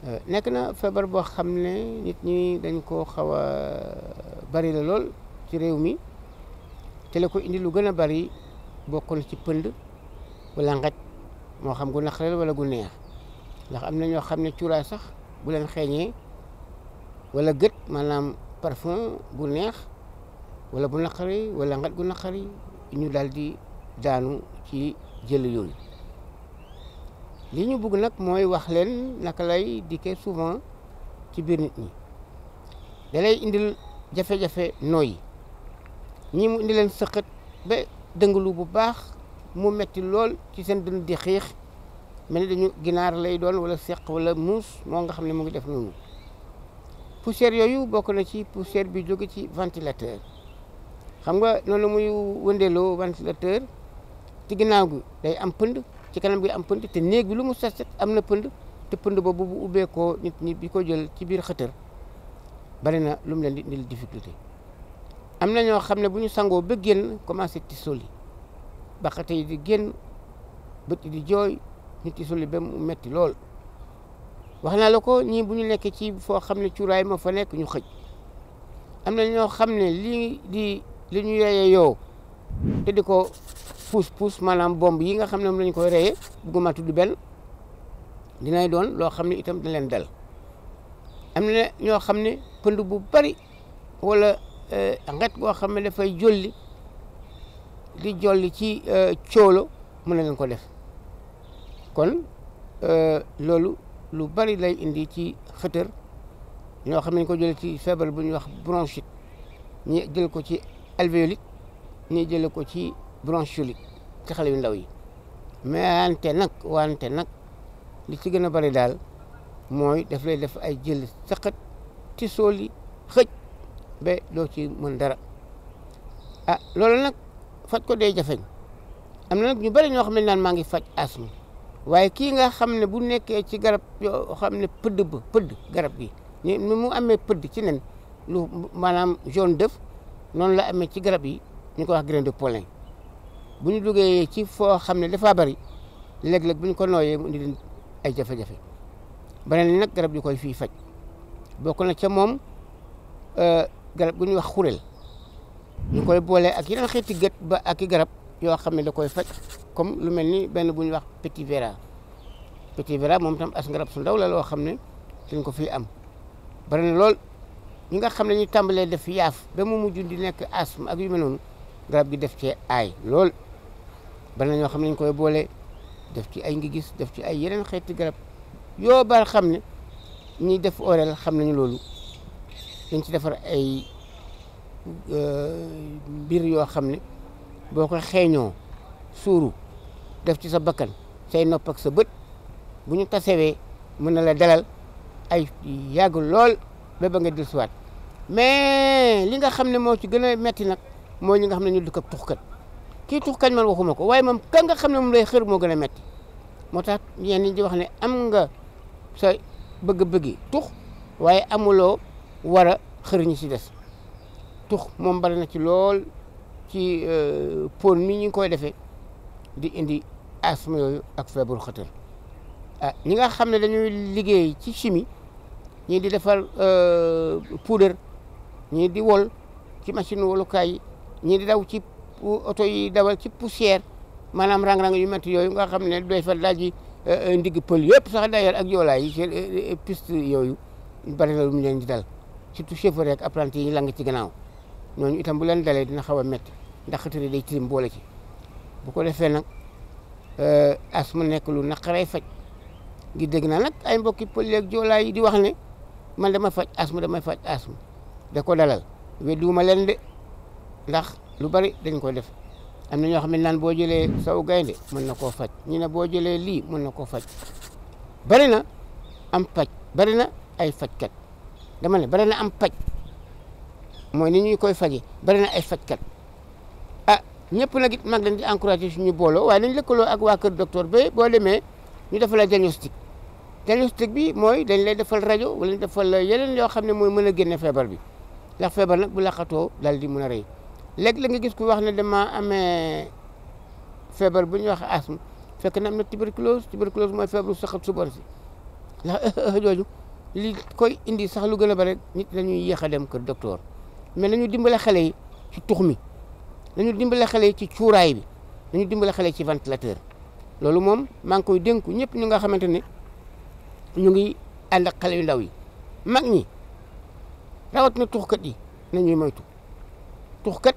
Euh, nekk na feebar boo xam ne nit ñi dañ koo xaw a bari la lool ci réew mi te la ko indi lu gën a bari bokk na ci pënd wala ngaj moo xam gu naqareel wala gu neex ndax am na ñoo xam ne cuuraay sax bu leen xeeñee wala gët maanaam parfum bu neex wala bu naqari walla ngat gu naqari ñu daal di daanu ci jël yooyu li ñu bëgg nag mooy wax leen naka lay dikkee souvent ci biir nit ñi da lay indil jafe-jafe nooyi ñii mu indi leen sëqët ba dëngalu bu baax mu metti lool ci seen dund di xiix mel ni dañu ginaar lay doon wala seq wala muus moo nga xam ne mu ngi def noonu poussière yooyu bokk na ci poussière bi jóge ci ventilateur xam nga noonu muy wëndeeloo ventilateur ci ginnaaw gi day am pënd ci kanam gi am pënd te néeg bi lu mu set set am na pënd te pënd boobu bu ubbeekoo nit ñi bi ko jël ci biir xëtër bari na lu leen di indil difficulté am na ñoo xam ne bu ñu sangoo ba génn commencé ti soli baqate yi di génn bët yi di jooy nit yi soli ba mu metti lool wax naa la ko ñii bu ñu nekkee ci foo xam ne cuuraay moo fa nekk ñu xëj am na ñoo xam ne lii di li ñu yooyee yow te di ko pousse pousse maanaam bomb yi nga xam ne moom lañu koy reyee bugguma tudd benn dinay doon loo xam ne itam dina leen del am na ñoo xam ne pënd bu bari wala xet eh, goo xam ne dafay jolli di jolli ci eh, coolo mën na leen ko def kon eh, loolu lu bari lay indi ci xëtër ñoo xam ne ñu ko jëlee ci feebar bu ñuy wax bronchite ñi jël ko ci alvéolite ñi jële ko ci bronchiolite ci xale yu ndaw yi mais wante nag wante nag li ci gën a bari daal mooy def lay def ay jël saqat ci sool yi xëj ba doo ci mën dara a ah, loolu nag faj ko day jafeñ am na nag ñu bari ñoo xam ne naan maa ngi faj asthme waaye kii nga xam ne bu nekkee ci garab yoo xam ne pëdd ba pëdd garab gi ni mu amee pëdd ci nen lu maanaam jaune d'œuf noonu la amee ci garab yi ñu ko wax grain de pollen bu ñu duggee ci foo xam ne dafa bari léeg-léeg bu ñu ko nooyee mu ay jafe-jafe beneen nag garab yu koy fii faj bokk na ca moom euh, garab gu ñuy wax xurel ñu koy boole ak yeneen xeeti gët ba ak i garab yoo xam ne da koy faj comme lu mel ni benn bu ñuy wax petit vera petit vera moom tam as garab su ndaw la loo xam ne dañ ko fi am bari na lool ñi nga xam ne ñu tàmbalee def yaaf ba mu mujj di nekk asthme ak yu mel noonu garab gi def cee ay lool. bari na ñoo xam ne ñu koy boole def ci ay ngi gis def ci ay yeneen xeeti garab yoo bar xam ne ñiy def orel xam nañu loolu dañ ci defar ay euh, mbir yoo xam ne boo ko xeeñoo suuru def ci sa bakkan say nopp sa bët bu ñu tasewee mën na la dalal ay yàgg lool ba ba nga dellusiwaat mais li nga xam ne moo ci gën a metti nag moo li nga xam ne ñu dëkk ak tuxkat kii tux kañ man waxuma ko waaye moom ka nga xam ne moom lay xër moo gën a metti moo tax ñenn ñi di wax ne am nga sa bëgg-bëggi tux waaye amuloo wara a xër ñi si des tux moom bari na ci lool ci euh, pon mi ñu ngi koy defee di indi asthme yooyu ak feebaru xëtër ah ñi nga xam ne dañuy liggéey ci chimie ñii di defar euh, poudre ñi di wol ci machine wolukaay yi ñii di daw ci oto yi dawal ci poussière maanaam rang-rang yu métti yooyu nga xam ne doy fa daaji euh, ndigg pël yëpp sax d'ailleurs ak joolaa yi seen euh, euh, piste yooyu bari na lu mu leen di dal surtout chauffeur rek apprenti yi lang ci gannaaw ñooñu itam bu leen dalee dina xaw a métti ndax xëtëri day tilim boole ci bu ko defee nag as mu nekk lu naqaree faj gi dégg na nag ay mbokki pël yeeg joolaa yi di wax ne man da ma faj asma ma faj asma da ko dalal wedduwuma leen de ndax lu bari dañ ko def am na ñoo xam ne naan boo jëlee saw gaynde mën na koo faj ñu ne boo jëlee lii mën na koo faj bari na am paj bari na ay fajkat dama ne bari na am paj mooy ni ñuy koy faje bari na ay fajkat ah ñëpp nag it mag leen di encouragé suñu booloo waaye nañ lëkkaloo ak waa kër docteur ba boo demee ñu defal la diagnostic diagnostic bi mooy dañ lay defal rajo wala ñu defal yeneen yoo xam ne mooy mën a génne feebar bi ndax feebar nag bu laqatoo dal di mën a rey léeg-léeg nga gis ku wax ne dama amee feebar bu ñuy wax asthme fekk na am na tuberculose tuberculose mooy feebaru saxat su bon si ndax jooju li koy indi sax lu gën a bare nit dañuy yéex a dem kër docteur mais nañu dimbale xale yi ci tux mi nañu dimbale xale yi ci cuuraay bi nañu dimbale xale yi ci ventilateur loolu moom maa ngi koy dénku ñëpp ñu nga xamante ne ñu ngi ànd ak xale yu ndaw yi mag ñi rawatina tuxkat yi nañuy moytu tuxkat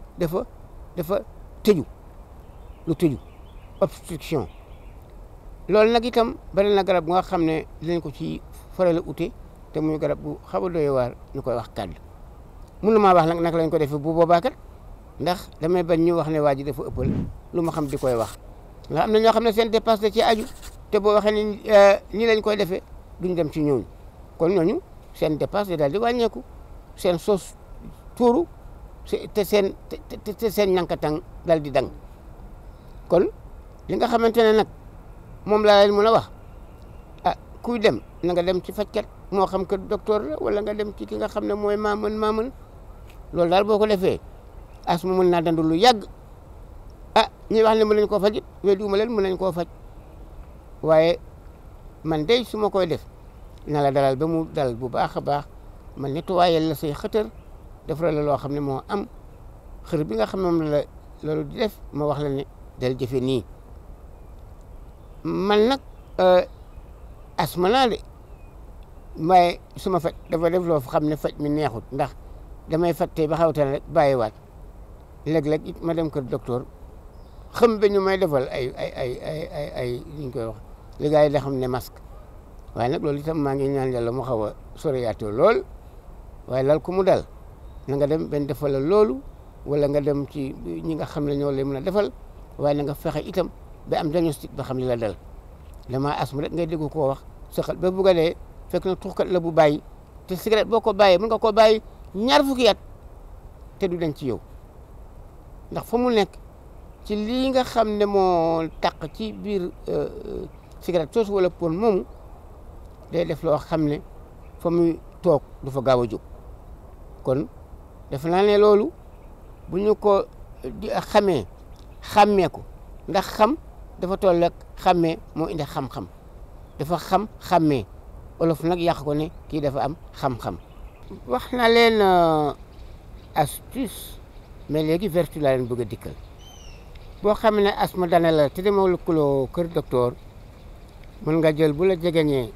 dafa dafa tëju lu tëju obstruction loolu nag itam bari na garab bu nga xam ne dinañ ko ci faral a ute te muy garab bu xaw a doy waar ñu koy wax kàddu mun nu maa wax nag naka lañ ko defee bu boobaa kat ndax damay bañ ñu wax ne waa ji dafa ëppal lu ma xam di koy wax ndax am na ñoo xam ne seen dépense da ci aju te boo waxee ni euh, nii lañ koy defee duñ dem ci ñooñu kon ñooñu sen dépense da daal di wàññeeku seen sos tuuru te seen te seen ñankatang dal di dang kon li nga xamante ne nag moom laa leen mën a wax a ah, kuy dem na nga dem ci fajkat moo xam que docteur la wala nga dem ci ki nga xam ne mooy maaman maaman loolu daal boo ko defee a as mu mën naa dandu lu yàgg ah ñuy wax ne mën nañ koo faj it weddiwuma leen mën nañ koo faj waaye man day suma ma koy def na la dalal ba mu dal bu baax a baax man nettoyé la sey xëtër def la loo xam ne moo am xër bi nga xam ne moom la loolu di def ma wax la ne dal jëfe nii man nag asma naa de waaye suma faj dafa def loo xam ne faj mi neexut ndax damay faj tey ba xawtan rek bàyyiwaat léeg-léeg it ma dem kër docteur xam ba ñu may defal ay ay ay ay ay ay ñu koy wax li gars yi da xam ne masque waaye nag loolu itam maa ngi ñaan yàlla mu xaw a soriyaatoo lool waaye lal ku mu dal na nga dem benn defal la loolu wala nga dem ci ñi nga xam ne ñoo lee mën a defal waaye na nga fexe itam ba am diagnostic ba xam li la dal dama asma rek ngay dégg koo wax saxal ba bugg a fekk ne tuxkat la bu bàyyi te cigarette boo ko bàyyee mën nga koo bàyyi ñaar fukk at te du dañ ci yow ndax fa mu nekk ci lii nga xam ne moo taq ci biir euh, euh, cigarette soosu walla poon moomu day def loo xam ne fa muy toog du fa gaaw a jóg def naa ne loolu bu ñu ko xamee xàmmee ko ndax xam dafa toll ak xàmmee moo indi xam-xam dafa xam xàmmee olof nag yàq ko ne kii dafa am xam-xam wax na leen euh, astuce mais léegi vertu laa leen bëgg a dikkal boo xam ne asma dana la te demoo lëkkaloo kër docteur mën nga jël bu la jegeñee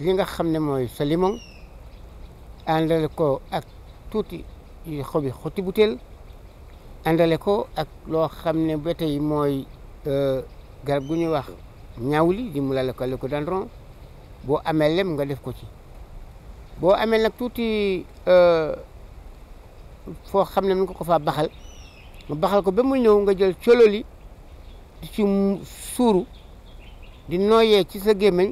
li nga xam ne mooy sa limon àndal ko ak tuuti xobi xotti butéel àndale ko ak loo xam ne ba tey mooy euh, garab gu ñuy wax ñaawli di mu la ko rhododendron boo amee lem nga def ko ci boo amee nag tuuti euh, foo xam ne mën ko faa baxal nga baxal ko ba mu ñëw nga jël cololi di ci suuru di nooyee ci sa gémmiñ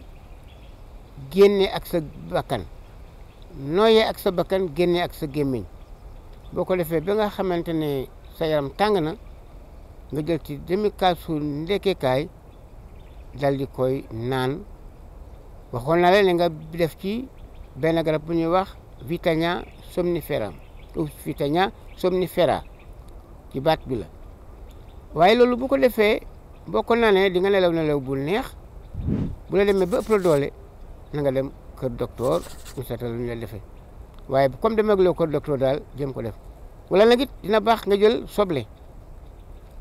génne ak sa bakkan nooyee ak sa bakkan génne ak sa gémmiñ boo ko defee ba nga xamante ne sa tàng na nga jël ci demi kaasu ndekekaay dal di koy naan waxoon naa leen nga def ci benn garab bu ñuy wax vitania somnifera ou vitania somnifera ci baat bi la waaye loolu bu ko defee boo ko naanee di nga nelaw nelaw bu neex bu la demee ba ëpp la doole na nga dem kër docteur ñu seetal lu ñu la defee waaye comme demee loo ko docteur daal jëm ko def wala nag it dina baax nga jël soble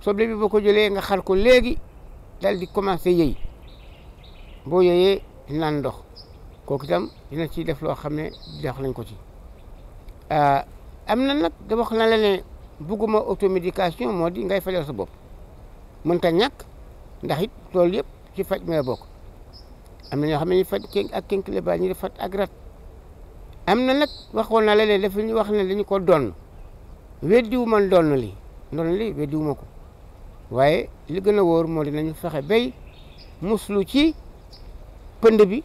soble bi boo ko jëlee nga xar ko léegi dal di commencé yëy boo yëyee naan ndox kooku itam dina ci def loo xam ne jox lañ ko ci ah, am nan nag da wax na la ne bugguma automédication moo di ngay fajal sa bopp mën ta ñàkk ndax it loolu yëpp ci faj nga bokk am na ñoo xam ne ñu faj ak kénk le ba ñi di faj ak rat am na nag waxoon na la ne dafa ñu wax ne dañu ko donn weddiwu man donn li donn li weddiwu ma ko waaye li gën a wóor moo dinañu fexe bay muslu ci pënd bi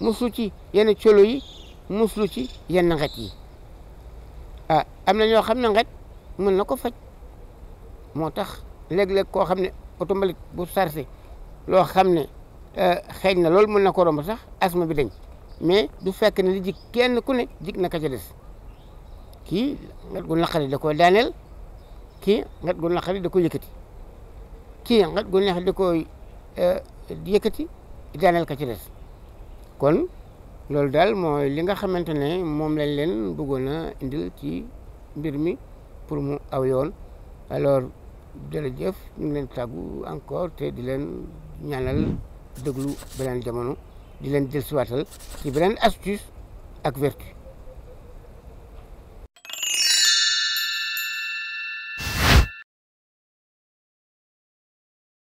muslu ci yenn colo yi muslu ci yenn nget yi a am na ñoo xam ne nget mën na ko faj moo tax léeg lek koo xam ne oto mbalit bu sarse loo xam ne euh, xeeñ na loolu mën na ko romb sax asma bi dañ mais du fekk ne li jik kenn ku ne jik naka ca des kii ngat gu naqari da koo daaneel kii ngat gu naqari da ko yëkkati kii ngat gu neex da koo eh, yëkkati daaneel ka ca des kon loolu daal mooy li nga xamante ne moom lañ leen bëggoon a indil ci mbir mi pour mu aw yoon alors jërëjëf ñu leen tàggu encore te di leen ñaanal déglu beneen jamono di leen jël siwaatal ci beneen astuce ak vertu